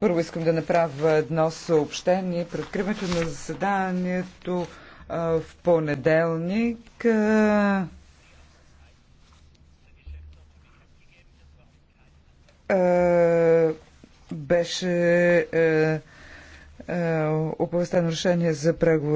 Първо искам да направя едно съобщение. предкриването откриването на заседанието в понеделник беше е, е, оповестено решение за преговори.